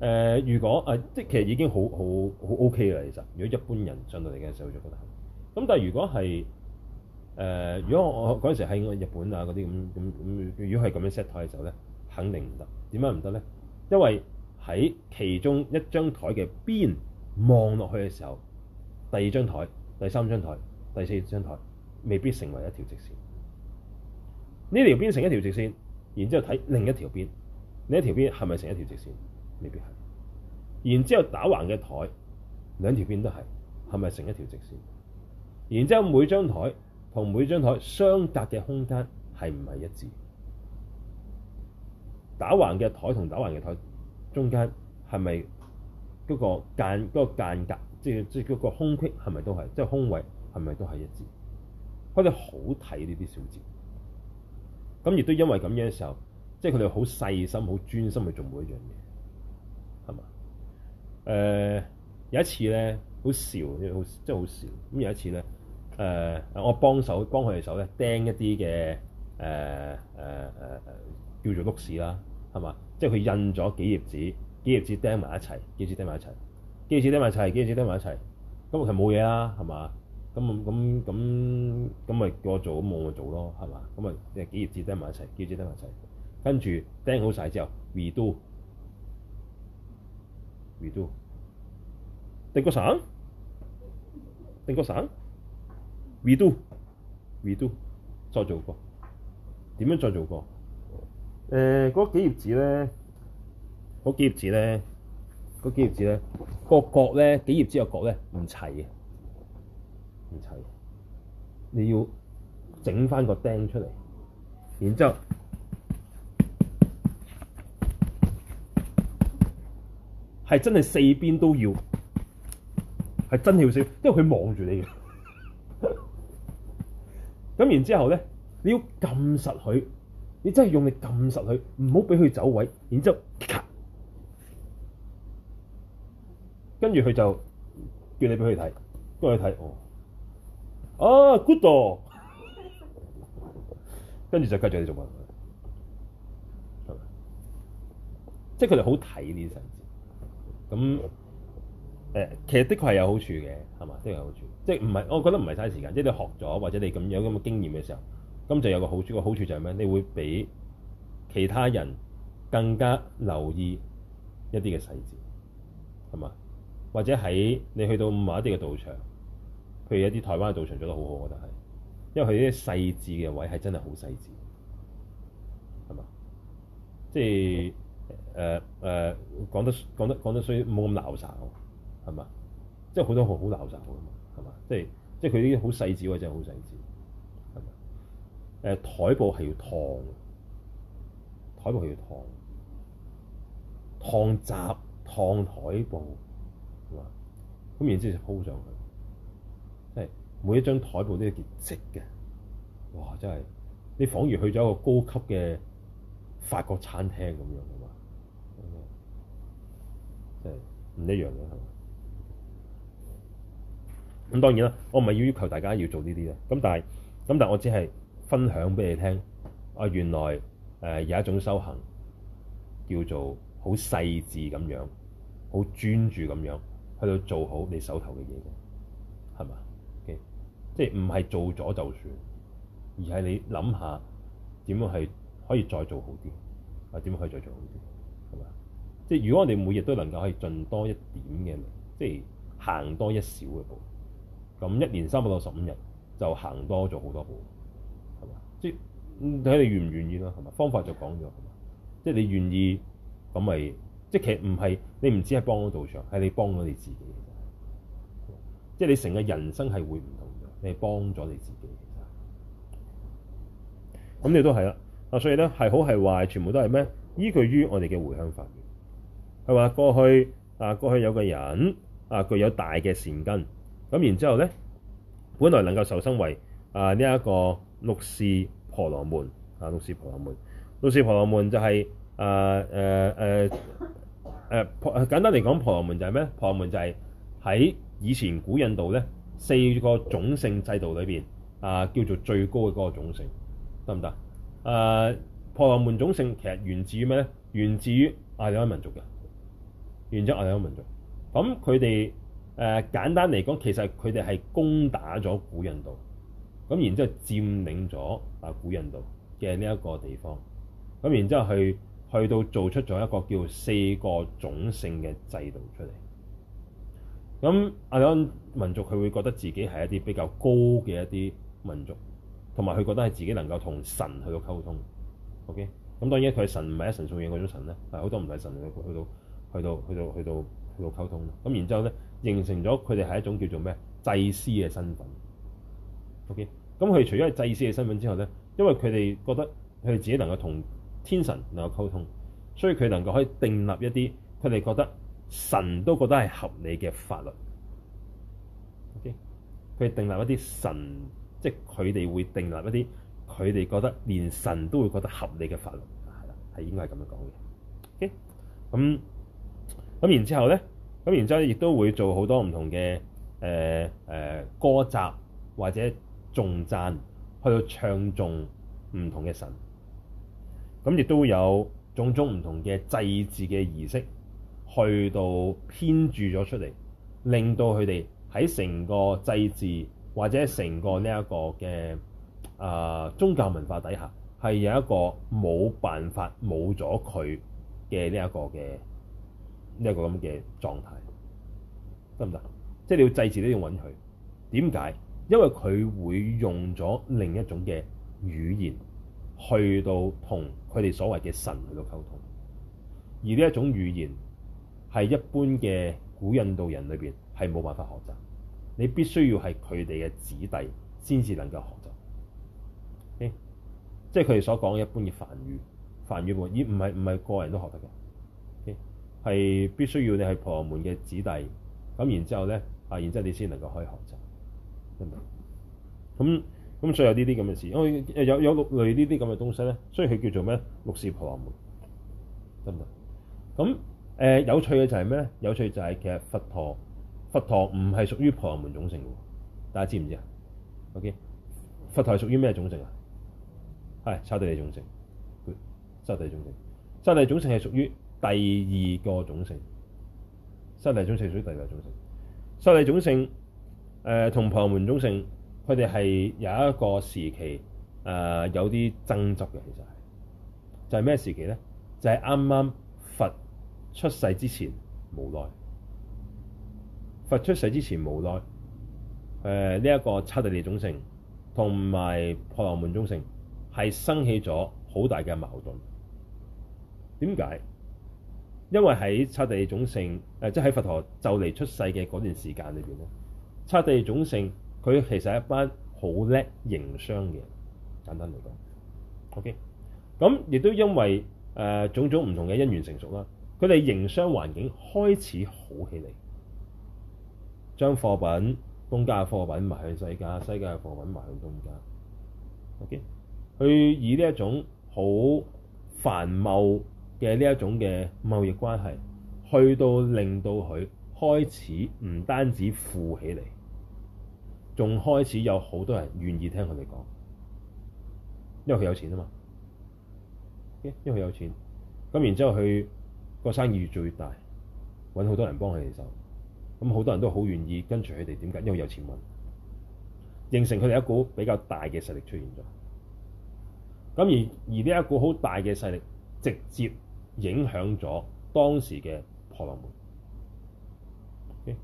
呃、如果誒、呃、即係其實已經好好好 OK 啦，其實如果一般人上到嚟嘅時候就覺得係。咁但係如果係誒、呃、如果我嗰陣時喺日本啊嗰啲咁咁咁，如果係咁樣 set 台嘅時候咧，肯定唔得。點解唔得咧？因為喺其中一張台嘅邊望落去嘅時候，第二張台、第三張台、第四張台未必成為一條直線。呢條邊成一條直線，然之後睇另一條邊，另一條邊係咪成一條直線？未必係。然之後打橫嘅台，兩條邊都係，係咪成一條直線？然之後每張台同每張台相隔嘅空間係唔係一致？打橫嘅台同打橫嘅台，中間係咪嗰個間嗰個間隔，即係即係嗰個空隙係咪都係，即係空位係咪都係一致？佢哋好睇呢啲小節，咁亦都因為咁樣嘅時候，即係佢哋好細心、好專心去做每一樣嘢，係嘛？誒，有一次咧，好笑，因為好真係好笑。咁有一次咧，誒，我幫手幫佢哋手咧釘一啲嘅誒誒誒叫做碌屎啦。係嘛？即係佢印咗幾頁紙，幾頁紙釘埋一齊，幾頁紙釘埋一齊，幾頁紙釘埋一齊，幾頁紙釘埋一齊。咁其實冇嘢啦，係嘛？咁咁咁咁咪叫我做，咁我咪做咯，係嘛？咁咪即係幾頁紙釘埋一齊，幾頁紙釘埋一齊。跟住釘好晒之後，redo，redo，定過省，定過省，redo，redo，再做過。點樣再做過？.誒、呃、嗰幾頁紙咧，嗰幾頁紙咧，嗰幾頁紙咧，個角咧幾頁紙呢、個角咧唔齊嘅，唔齊你要整翻個釘出嚟，然之後係真係四邊都要，係真要少，因為佢望住你嘅。咁 [LAUGHS] 然之後咧，你要撳實佢。你真係用力撳實佢，唔好俾佢走位，然之後，跟住佢就叫你俾佢睇，跟住佢睇，哦，啊 good 哦，跟住就繼續繼續做啦，係咪？即係佢哋好睇呢啲信息，咁、呃、其實的確係有好處嘅，係嘛？都有好處，即係唔係？我覺得唔係嘥時間，即係你學咗或者你咁樣咁嘅經驗嘅時候。咁就有個好處，個好處就係咩？你會比其他人更加留意一啲嘅細節，係嘛？或者喺你去到某一啲嘅道場，譬如一啲台灣嘅道場做得好好，我覺得係，因為佢啲細節嘅位係真係好細緻，係嘛？即係誒誒，講得講得講得衰，冇咁鬧雜喎，係嘛？即係好多好好鬧雜嘅嘛，係嘛？即係即係佢啲好細緻位真係好細緻。誒、呃、枱布係要燙嘅，枱布係要燙，燙雜燙枱布，咁咁然之後就鋪上去，即係每一張枱布都係結直嘅，哇！真係你仿如去咗一個高級嘅法國餐廳咁樣，係嘛？即係唔一樣嘅，係嘛？咁當然啦，我唔係要要求大家要做呢啲嘅，咁但係，咁但係我只係，分享俾你聽，啊，原來誒、呃、有一種修行叫做好細緻咁樣，好專注咁樣去到做好你手頭嘅嘢嘅，係嘛？O.K.，即係唔係做咗就算，而係你諗下點樣係可以再做好啲，啊，點樣可以再做好啲，係嘛？即係如果我哋每日都能夠可以盡多一點嘅力，即係行多一小嘅步，咁一年三百六十五日就行多咗好多步。睇你願唔願意啦。係嘛？方法就講咗，即係你願意咁咪、就是，即係其實唔係你唔知係幫到道場，係你幫咗你自己。即係你成個人生係會唔同嘅，你係幫咗你自己。其實咁你都係啦。啊，所以咧係好係壞，全部都係咩依據於我哋嘅回向法門，係嘛？過去啊，過去有個人啊，具有大嘅善根咁，然之後咧，本來能夠受生為啊呢一、這個六事。婆羅門啊，六事婆羅門，六事婆，婆羅門就係啊誒誒誒婆簡單嚟講，婆羅門就係咩？婆羅門就係喺以前古印度咧，四個種姓制度裏邊啊，叫做最高嘅嗰個種姓，得唔得？誒、呃、婆羅門種姓其實源自於咩咧？源自於雅利安民族嘅，源自雅利安民族。咁佢哋誒簡單嚟講，其實佢哋係攻打咗古印度。咁然之後佔領咗啊古印度嘅呢一個地方，咁然之後去去到做出咗一個叫「四個種姓」嘅制度出嚟。咁雅利安民族佢會覺得自己係一啲比較高嘅一啲民族，同埋佢覺得係自己能夠同神去到溝通。OK，咁當然佢係神唔係一神送應嗰種神咧，係好多唔係神去到去到去到去到去到溝通。咁然之後咧，形成咗佢哋係一種叫做咩祭司嘅身份。OK。咁佢除咗係祭司嘅身份之後咧，因為佢哋覺得佢哋自己能夠同天神能夠溝通，所以佢能夠可以訂立一啲佢哋覺得神都覺得係合理嘅法律。佢、okay? 訂立一啲神，即係佢哋會訂立一啲佢哋覺得連神都會覺得合理嘅法律，係啦，係應該係咁樣講嘅。咁、okay? 咁然之後咧，咁然之後咧亦都會做好多唔同嘅誒誒歌集或者頌讚去到唱頌唔同嘅神，咁亦都有種種唔同嘅祭祀嘅儀式去到編注咗出嚟，令到佢哋喺成個祭祀或者成個呢一個嘅啊、呃、宗教文化底下，係有一個冇辦法冇咗佢嘅呢一個嘅呢一個咁嘅狀態，得唔得？即係你要祭祀要他，你要揾佢，點解？因為佢會用咗另一種嘅語言去到同佢哋所謂嘅神去到溝通，而呢一種語言係一般嘅古印度人裏邊係冇辦法學習，你必須要係佢哋嘅子弟先至能夠學習。okay? okay? 即係佢哋所講一般嘅梵語，梵語喎，咦？唔係唔係個人都學得嘅。OK，係必須要你係婆羅門嘅子弟，咁然之後呢，啊，然之後你先能夠可以學習。咁、嗯、咁所以有呢啲咁嘅事，因為有有六類呢啲咁嘅東西咧，所以佢叫做咩六事婆羅門，唔，咁誒，有趣嘅就係咩咧？有趣就係其實佛陀佛陀唔係屬於婆羅門種姓嘅，大家知唔知啊？OK，佛陀係屬於咩種姓啊？係、哎、剎帝利種姓，剎帝利種姓，剎帝利種姓係屬於第二個種姓，剎帝利種姓屬於第二個種姓，剎帝利種姓。誒、呃、同婆羅門種姓，佢哋係有一個時期誒、呃、有啲爭執嘅，其實係就係咩時期咧？就係啱啱佛出世之前無耐，佛出世之前無耐，誒呢一個剎帝利種姓同埋婆羅門種姓係生起咗好大嘅矛盾。點解？因為喺剎帝利種姓誒，即係喺佛陀就嚟出世嘅嗰段時間裏邊咧。七地總盛，佢其實係一班好叻營商嘅，簡單嚟講。OK，咁亦都因為誒、呃、種種唔同嘅因緣成熟啦，佢哋營商環境開始好起嚟，將貨品東家嘅貨品賣去西家，西家嘅貨品賣去東家。OK，佢以呢一種好繁茂嘅呢一種嘅貿易關係，去到令到佢開始唔單止富起嚟。仲開始有好多人願意聽佢哋講，因為佢有錢啊嘛，因為佢有錢，咁然之後佢個生意越做越大，揾好多人幫佢哋手，咁好多人都好願意跟隨佢哋，點解？因為他有錢揾，形成佢哋一股比較大嘅勢力出現咗。咁而而呢一股好大嘅勢力，直接影響咗當時嘅婆羅門，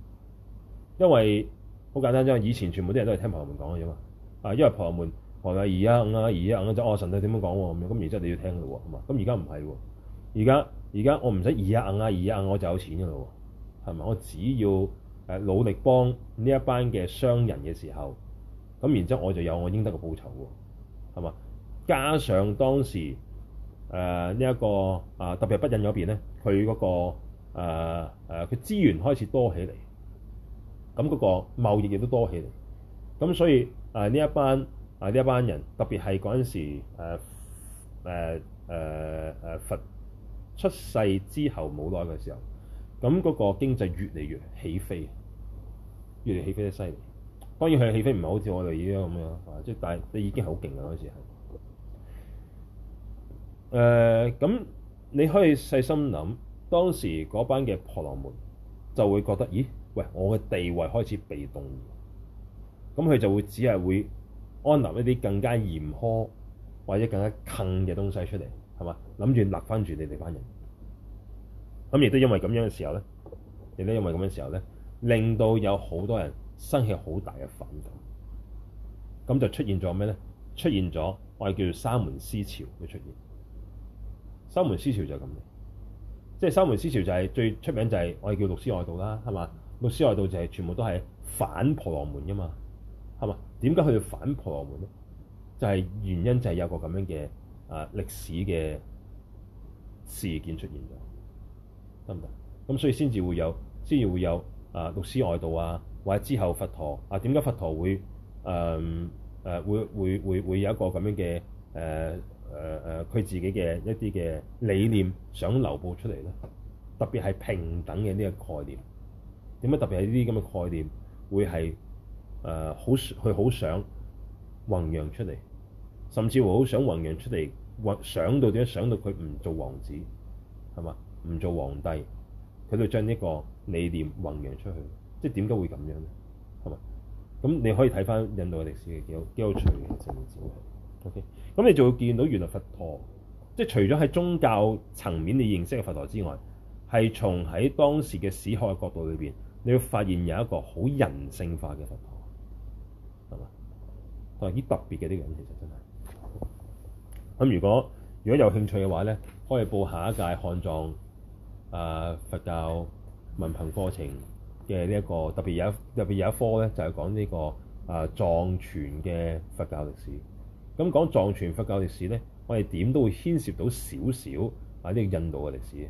因為。好簡單啫，以前全部啲人都係聽婆羅門講嘅啫嘛。啊，因為婆羅門，旁啊二啊，五啊二啊，硬咗、啊，哦、啊，神對點、啊、樣講喎？咁樣，咁然之後你要聽嘅喎，咁啊，咁而家唔係喎。而家、啊，而家我唔使二啊啊二啊我就有錢嘅嘞喎。係咪？我只要誒努力幫呢一班嘅商人嘅時候，咁、嗯、然之後我就有我應得嘅報酬喎。係嘛？加上當時誒呢一個啊、呃，特別係北印嗰邊咧，佢嗰、那個誒佢、呃呃、資源開始多起嚟。咁、那、嗰個貿易亦都多起嚟，咁所以誒呢、呃、一班誒呢、啊、一班人，特別係嗰陣時誒誒誒佛出世之後冇耐嘅時候，咁、呃、嗰、呃呃那個經濟越嚟越起飛，越嚟起飛得犀利。當然佢起飛唔係好似我哋依家咁樣，即係但係佢已經好勁啦。嗰時係誒咁，呃、你可以細心諗，當時嗰班嘅婆羅門就會覺得，咦？喂，我嘅地位開始被動，咁佢就會只係會安立一啲更加嚴苛或者更加坑嘅東西出嚟，係嘛？諗住立翻住你哋班人，咁亦都因為咁樣嘅時候咧，亦都因為咁樣嘅時候咧，令到有好多人生起好大嘅憤慨，咁就出現咗咩咧？出現咗我哋叫做三門思潮嘅出現，三門思潮就係咁，即係三門思潮就係、是、最出名就係、是、我哋叫六師外道啦，係嘛？律師外道就係全部都係反婆羅門噶嘛，係嘛？點解佢要反婆羅門咧？就係、是、原因就係有一個咁樣嘅啊、呃、歷史嘅事件出現咗，得唔得？咁所以先至會有，先至會有啊六、呃、師外道啊，或者之後佛陀啊，點解佛陀會誒誒、呃呃、會會會會有一個咁樣嘅誒誒誒佢自己嘅一啲嘅理念想流布出嚟咧？特別係平等嘅呢個概念。咁特別係呢啲咁嘅概念，會係誒好，佢、呃、好想弘揚出嚟，甚至乎好想弘揚出嚟，想到點樣？想到佢唔做王子係嘛？唔做皇帝，佢就將呢個理念弘揚出去。即係點解會咁樣咧？係嘛？咁你可以睇翻印度嘅歷史，幾好幾有趣嘅政治。OK，咁你就會見到原來佛陀，即係除咗喺宗教層面你認識嘅佛陀之外，係從喺當時嘅史學嘅角度裏邊。你要發現有一個好人性化嘅佛堂，係嘛？都係幾特別嘅啲、呢個、人，其實真係。咁如果如果有興趣嘅話咧，可以報下一屆漢藏啊、呃、佛教文憑課程嘅呢一個特別有一特別有一科咧，就係、是、講呢、呢個啊、呃、藏傳嘅佛教歷史。咁講藏傳佛教歷史咧，我哋點都會牽涉到少少啊啲印度嘅歷史，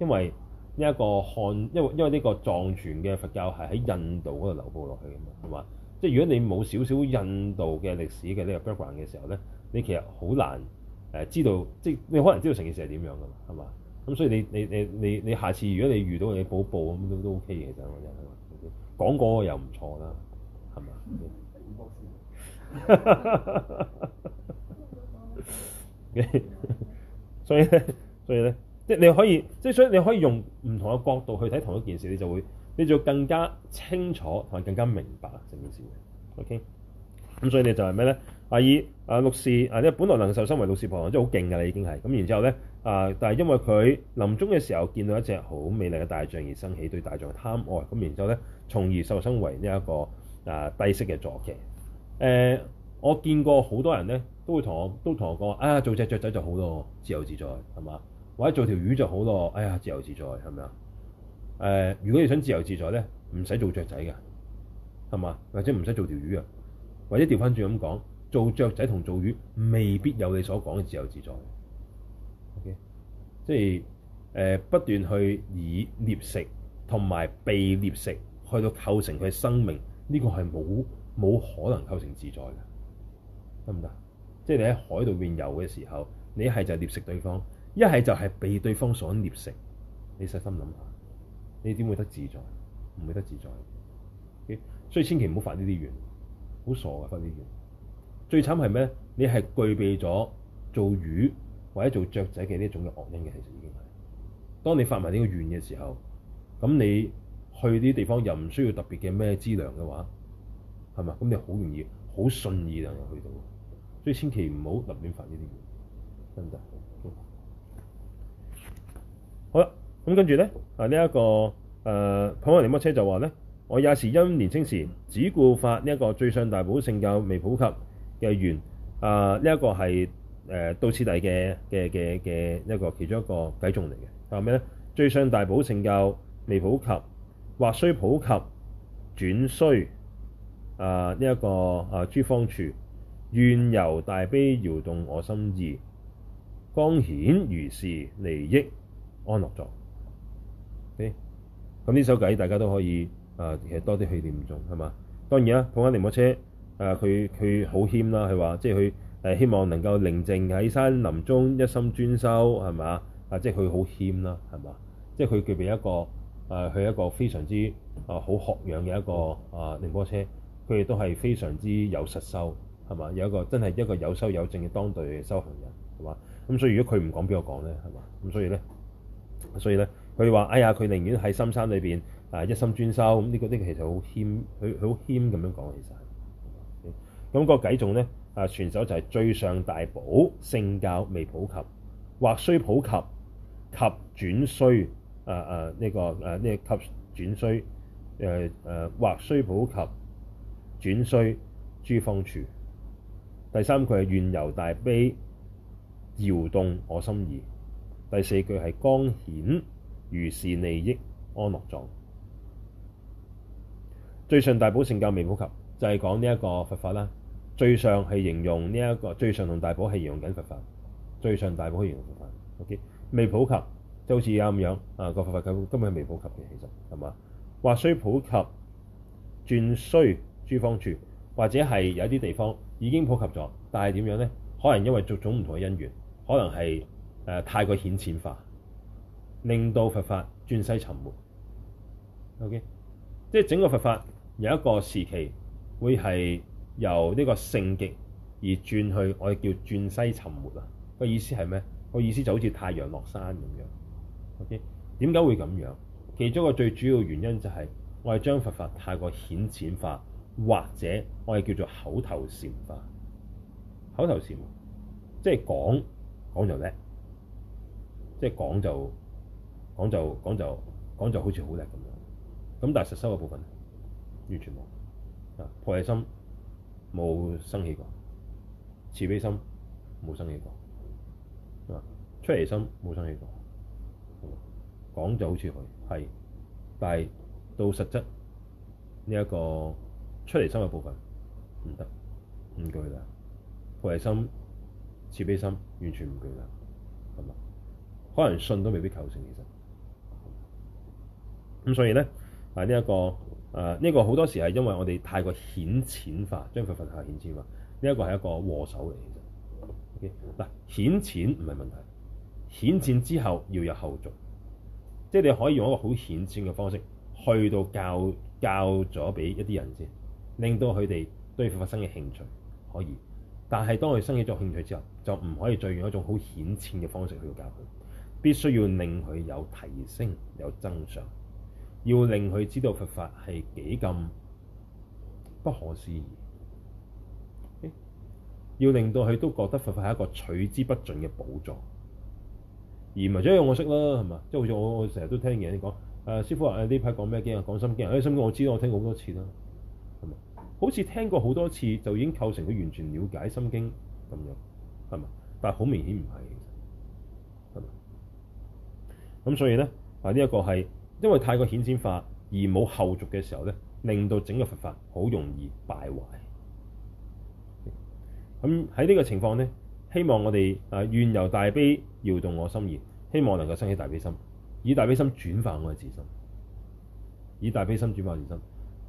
因為。呢一個漢，因為因為呢個藏傳嘅佛教係喺印度嗰度流布落去嘅嘛，係嘛？即係如果你冇少少印度嘅歷史嘅呢個 background 嘅時候咧，你其實好難誒、呃、知道，即係你可能知道成件事係點樣嘅嘛，係嘛？咁所以你你你你你下次如果你遇到你補補咁都都 OK 嘅，其實我就係話講嗰個又唔錯啦，係嘛？ [LAUGHS] [LAUGHS] 所以咧，所以咧。即係你可以，即係所以你可以用唔同嘅角度去睇同一件事，你就會你就更加清楚同埋更加明白成件事 OK，咁所以咧就係咩咧？阿以，阿六事啊，呢、啊、本來能受生為六事婆羅，即係好勁嘅啦，已經係咁。然之後咧啊，但係因為佢臨終嘅時候見到一隻好美麗嘅大象而生起對大象嘅貪愛，咁然之後咧，從而受生為呢、這、一個啊帝釋嘅坐騎。誒、啊，我見過好多人咧，都會同我都同我講啊，做隻雀仔就好多，自由自在係嘛？或者做條魚就好咯。哎呀，自由自在係咪啊？誒、呃，如果你想自由自在咧，唔使做雀仔嘅係嘛，或者唔使做條魚啊。或者調翻轉咁講，做雀仔同做魚未必有你所講嘅自由自在。OK，即係誒、呃、不斷去以獵食同埋被獵食去到構成佢生命呢、呢個係冇冇可能構成自在嘅，得唔得？即係你喺海度邊遊嘅時候，你係就獵食對方。一係就係被對方所獵食，你細心諗下，你點會得自在？唔會得自在，okay？所以千祈唔好發呢啲願，好傻㗎，發呢啲願。最慘係咩？你係具備咗做魚或者做雀仔嘅呢一種嘅惡因嘅，其實已經係。當你發埋呢個願嘅時候，咁你去啲地方又唔需要特別嘅咩資糧嘅話，係嘛？咁你好容易好順意就能去到，所以千祈唔好立亂發呢啲願，得唔得？咁跟住咧，啊呢一、這個誒、呃、普洱尼摩車就話咧，我也是因年青時只顧發呢一個最上大寶聖教未普及嘅願。啊呢、這個呃、一個係道次第嘅、嘅、嘅、嘅一個其中一個計重嚟嘅。佢話咩咧？最上大寶聖教未普及，或需普及，轉需啊呢一、這個啊諸方處願由大悲搖動我心意，光顯如是利益安樂咗。咁、okay? 呢首偈，大家都可以啊、呃，其實多啲去念仲係嘛？當然啦、啊，捧翻仁波切，佢佢好謙啦。係話即係佢希望能夠寧靜喺山林中一心專修係嘛啊！即係佢好謙啦，係嘛？即係佢具備一個佢、呃、一個非常之啊好、呃、學養嘅一個啊仁、呃、波切，佢亦都係非常之有實修係嘛？有一個真係一個有修有證嘅當代嘅修行人係嘛？咁所以如果佢唔講，畀我講咧？係嘛？咁所以咧，所以咧。佢話：哎呀，佢寧願喺深山裏邊啊，一心專修咁。呢個呢個其實好謙，佢佢好謙咁樣講其曬。咁、嗯那個偈仲咧啊，傳手就係最上大寶，聖教未普及，或需普及及轉衰啊啊！呢、啊這個啊呢、這個及轉衰誒誒、啊啊，或需普及轉衰諸方處。第三句係願由大悲搖動我心意」。第四句係光顯。如是利益安樂狀，最上大寶聖教未普及，就係、是、講呢一個佛法啦。最上係形容呢、這、一個最上同大寶係形容緊佛法，最上大寶可以形容佛法。O、okay? K. 未普及，就好似而家咁樣啊，個佛法根本係未及普及嘅，其實係嘛？話需普及，轉需諸方處，或者係有啲地方已經普及咗，但係點樣咧？可能因為種種唔同嘅因緣，可能係誒、呃、太過顯淺化。令到佛法轉西沉沒。O.K.，即係整個佛法有一個時期會係由呢個聖極而轉去，我哋叫轉西沉沒啊。個意思係咩？個意思就好似太陽落山咁樣。O.K.，點解會咁樣？其中一個最主要原因就係、是、我哋將佛法太過顯淺化，或者我哋叫做口頭禪化。口頭禪，即係講講就叻，即係講就。講就講就講就好似好叻咁樣。咁但係實修嘅部分完全冇啊！菩提心冇生起過，慈悲心冇生起過啊！出離心冇生起過，講就好似佢係，但係到實質呢一個出離心嘅部分唔得唔具啦。菩提心、慈悲心完全唔具啦，可能信都未必構成，其實。咁所以咧，啊呢一、這個，啊呢、這個好多時係因為我哋太過顯淺化，將佢份下顯淺化。呢、這、一個係一個禍首嚟，其實嗱顯淺唔係問題，顯淺之後要有後續，即係你可以用一個好顯淺嘅方式去到教教咗俾一啲人先，令到佢哋對佛法生嘅興趣可以。但係當佢生起咗興趣之後，就唔可以再用一種好顯淺嘅方式去到教佢，必須要令佢有提升有增長。要令佢知道佛法係幾咁不可思議，要令到佢都覺得佛法係一個取之不盡嘅寶藏，而唔係只係我識啦，係嘛？即係好似我我成日都聽人哋講，誒師傅話誒呢排講咩經啊，講心經啊，心經我知道，我聽過好多次啦，係嘛？好似聽過好多次就已經構成佢完全了解心經咁樣，係嘛？但係好明顯唔係，係嘛？咁所以咧，嗱呢一個係。因為太過顯淺化，而冇後續嘅時候咧，令到整個佛法好容易敗壞。咁喺呢個情況咧，希望我哋啊願由大悲搖動我心意，希望能夠生起大悲心，以大悲心轉化我嘅自心，以大悲心轉化我的自心。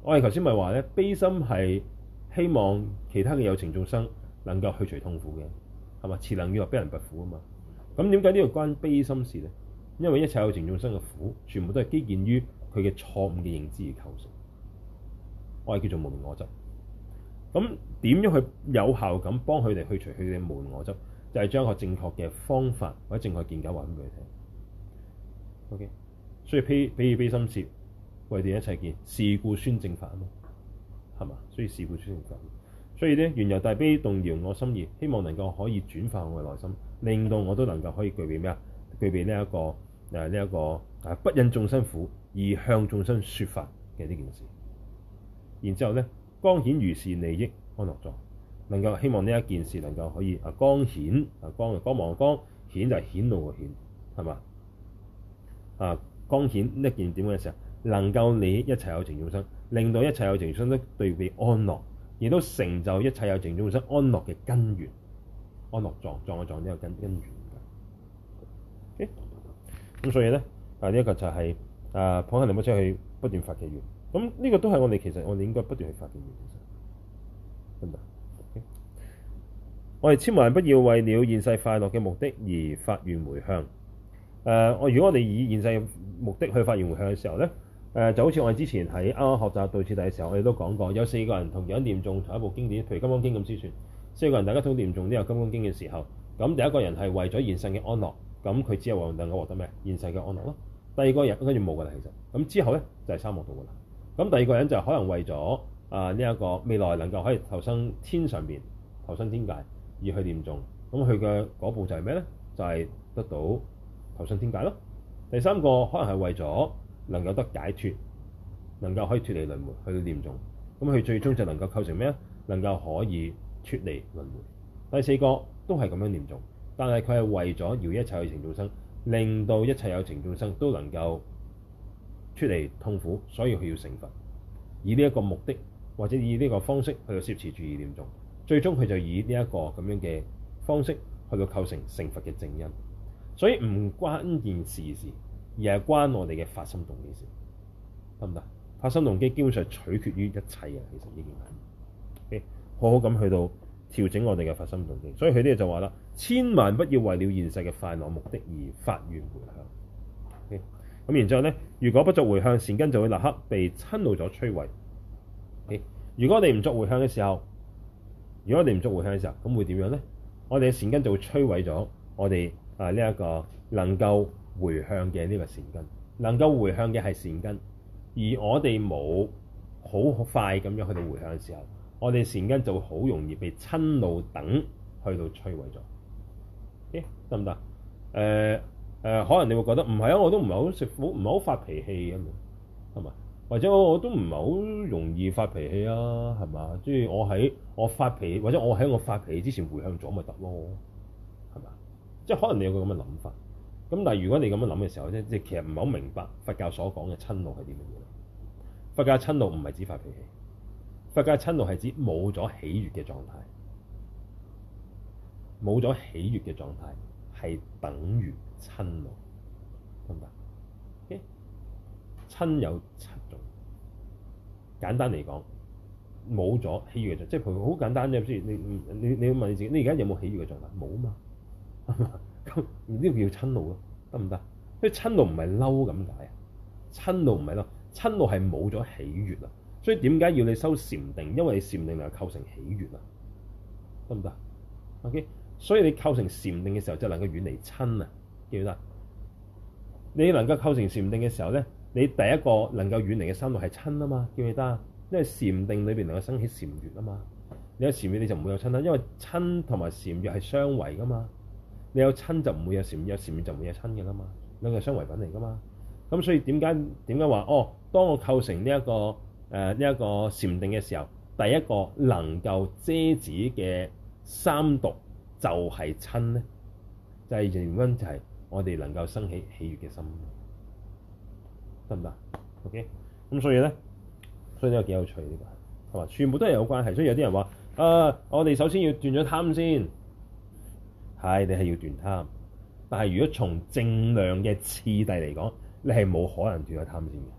我哋頭先咪話咧，悲心係希望其他嘅有情眾生能夠去除痛苦嘅，係嘛？慈能要人悲人拔苦啊嘛。咁點解呢個關悲心事咧？.因為一切有情眾生嘅苦，全部都係基建於佢嘅錯誤嘅認知而構成，我係叫做無明我執。咁點樣去有效咁幫佢哋去除佢哋嘅無明我執？就係將一個正確嘅方法或者正確見解話畀佢哋聽。OK，所以悲悲以悲心切，為見一切見，是故宣正法咯，係嘛？所以是故宣正法。所以咧，原由大悲動搖我心意，希望能夠可以轉化我嘅內心，令到我都能夠可以具備咩啊？具備呢、這、一個。誒，呢一個誒，不忍眾生苦而向眾生説法嘅呢件事，然之後咧，光顯如是利益安樂狀，能夠希望呢一件事能夠可以啊，光顯啊，光光望光顯就係顯露嘅顯，係嘛？啊，光顯呢一件點嘅時候，能夠你一切有情眾生，令到一切有情眾生都對佢安樂，亦都成就一切有情眾生安樂嘅根源，安樂狀狀嘅狀都有根根源㗎。Okay? 咁所以咧，啊呢一、這個就係、是、啊，捧起林寶出去不斷發其願。咁呢個都係我哋其實我哋應該不斷去發嘅願。其實，得唔得？我哋千萬不要為了現世快樂嘅目的而發願回向。誒、呃，我如果我哋以現世的目的去發願回向嘅時候咧，誒、呃、就好似我哋之前喺啱啱學習道次第嘅時候，我哋都講過，有四個人同樣念誦同一部經典，譬如《金剛經》咁宣傳。四個人大家都念誦呢個《金剛經》嘅時候，咁第一個人係為咗現世嘅安樂。咁佢只有能夠獲得我獲得咩？現世嘅安樂咯。第二個人跟住冇噶啦，其實咁之後咧就係、是、三惡道噶啦。咁第二個人就可能為咗啊呢一、這個未來能夠可以投生天上面，投生天界而去念中。咁佢嘅嗰步就係咩咧？就係、是、得到投生天界咯。第三個可能係為咗能夠得解脱，能夠可以脱離輪迴去到念中。咁佢最終就能夠構成咩啊？能夠可以脱離輪迴。第四個都係咁樣念中。但係佢係為咗饒一切有情眾生，令到一切有情眾生都能夠出嚟痛苦，所以佢要成佛。以呢一個目的，或者以呢個方式去到攝持住二點鐘，最終佢就以呢一個咁樣嘅方式去到構成成佛嘅正因。所以唔關件事事，而係關我哋嘅發心動機事。得唔得？發心動機基本上取決於一切嘅，其實呢件嘢。OK，好好咁去到。調整我哋嘅發心動機，所以佢啲就話啦，千萬不要為了現世嘅快樂目的而發願回向。咁，OK？然之後咧，如果不作回向，善根就會立刻被侵蝕咗摧毀。OK？如果你唔作回向嘅時候，如果你唔作回向嘅時候，咁會點樣咧？我哋嘅善根就會摧毀咗，我哋啊，呢一個能夠回向嘅呢個善根，能夠回向嘅係善根，而我哋冇好快咁樣去到回向嘅時候。我哋善根就會好容易被親怒等去到摧毀咗，咦、欸，得唔得？可能你會覺得唔係啊，我都唔係好食苦，唔係好發脾氣咁，係咪？或者我都唔係好容易發脾氣啊，係嘛？即係我喺我發脾，或者我喺我發脾氣之前回向咗咪得咯，係嘛？即係可能你有個咁嘅諗法，咁但係如果你咁樣諗嘅時候咧，即係其實唔係好明白佛教所講嘅親怒係啲乜嘢。佛教親怒唔係指發脾氣。佛家嘅親怒係指冇咗喜悅嘅狀態，冇咗喜悅嘅狀態係等於親怒，得唔得？Okay? 親有七種，簡單嚟講，冇咗喜悅嘅狀態，即係譬如好簡單啫，譬如你你你問你自己，你而家有冇喜悅嘅狀態？冇啊嘛，咁呢個叫親怒咯，得唔得？即係親怒唔係嬲咁解啊，親怒唔係嬲，親怒係冇咗喜悅啊。所以點解要你修禪定？因為你禪定能夠構成喜悦啊，得唔得？O.K.，所以你構成禪定嘅時候，就能夠遠離親啊，記唔記得？你能夠構成禪定嘅時候咧，你第一個能夠遠離嘅生活係親啊嘛，記唔記得？因為禪定裏邊能夠生起禪悦啊嘛。你有禪悦你就唔會有親啦，因為親同埋禪悦係相違噶嘛。你有親就唔會有禪悦，有禪悦就唔會有親嘅啦嘛。兩個係相違品嚟噶嘛。咁所以點解點解話哦？當我構成呢、這、一個。誒呢一個禪定嘅時候，第一個能夠遮止嘅三毒就係親咧，就係、是、原因就係我哋能夠生起喜悅嘅心，得唔得？OK，咁所以咧，所以呢個幾有趣呢個，係嘛？全部都係有關係，所以有啲人話，誒、呃，我哋首先要斷咗貪先，係，你係要斷貪，但係如果從正量嘅次第嚟講，你係冇可能斷咗貪先嘅。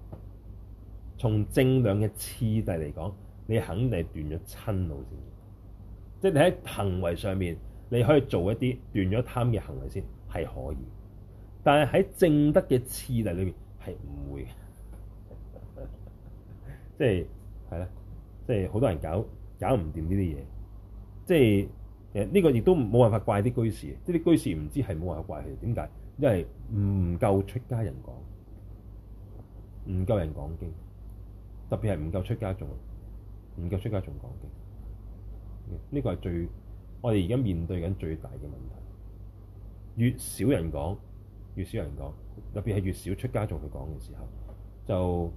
從正量嘅次第嚟講，你肯定係斷咗親惱先。即係你喺行為上面，你可以做一啲斷咗貪嘅行為先係可以，但係喺正德嘅次第裏面係唔會嘅。即係係啦，即係好多人搞搞唔掂呢啲嘢。即係誒呢個亦都冇辦法怪啲居士，即啲居士唔知係冇辦法怪佢點解，因為唔夠出家人講，唔夠人講經。特別係唔夠出家眾，唔夠出家眾講嘅，呢、這個係最我哋而家面對緊最大嘅問題。越少人講，越少人講，特別係越少出家眾去講嘅時候，就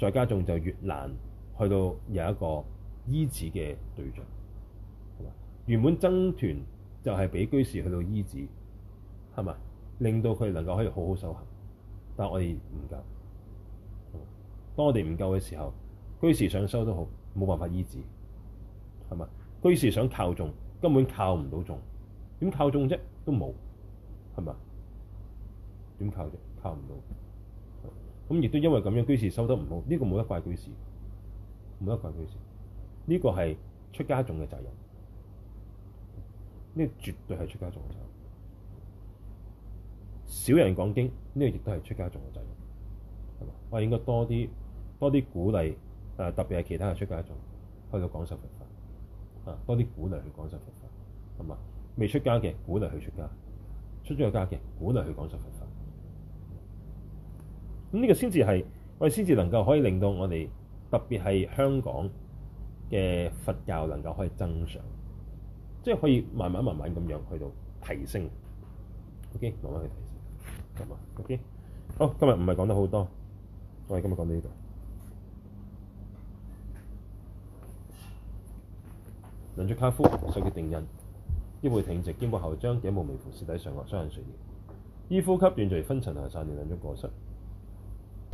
在家眾就越難去到有一個依止嘅對象。係嘛？原本僧團就係俾居士去到依止，係嘛？令到佢能夠可以好好修行，但係我哋唔夠。當我哋唔夠嘅時候，居士想修都好，冇辦法醫治，係咪？居士想靠眾，根本靠唔到眾，點靠眾啫？都冇，係咪？點靠啫？靠唔到。咁亦都因為咁樣，居士修得唔好，呢個冇得怪居士，冇得怪居士。呢個係出家眾嘅責任，呢個絕對係出家眾嘅責任。少人講經，呢個亦都係出家眾嘅責任，係嘛？我應該多啲。多啲鼓勵，誒，特別係其他嘅出家眾去到講受佛法啊，多啲鼓勵去講受佛法，咁啊，未出家嘅鼓勵去出家，出咗個家嘅鼓勵去講受佛法。咁呢個先至係，我哋先至能夠可以令到我哋特別係香港嘅佛教能夠可以增長，即係可以慢慢慢慢咁樣去到提升。OK，慢慢去提升，咁啊，OK。好，今日唔係講得好多，我哋今日講到呢度。兩隻卡夫，手腳定印，腰部挺直，肩部後張，頸部微扶，舌抵上顎，雙眼垂簾。依呼吸，斷罪，分層，下散掉兩種過失。